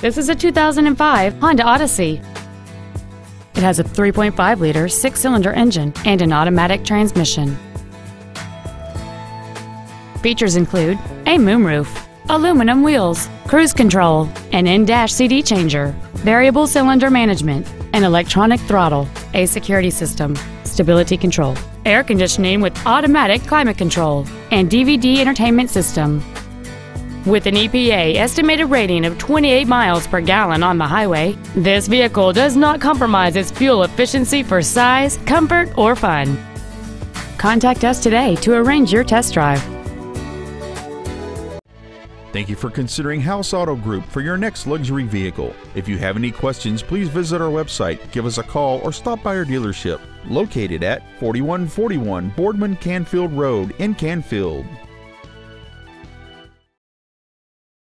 This is a 2005 Honda Odyssey. It has a 3.5-liter six-cylinder engine and an automatic transmission. Features include a moonroof, aluminum wheels, cruise control, an in-dash CD changer, variable cylinder management, an electronic throttle, a security system, stability control, air conditioning with automatic climate control, and DVD entertainment system. With an EPA estimated rating of 28 miles per gallon on the highway, this vehicle does not compromise its fuel efficiency for size, comfort, or fun. Contact us today to arrange your test drive. Thank you for considering House Auto Group for your next luxury vehicle. If you have any questions, please visit our website, give us a call, or stop by our dealership located at 4141 Boardman Canfield Road in Canfield.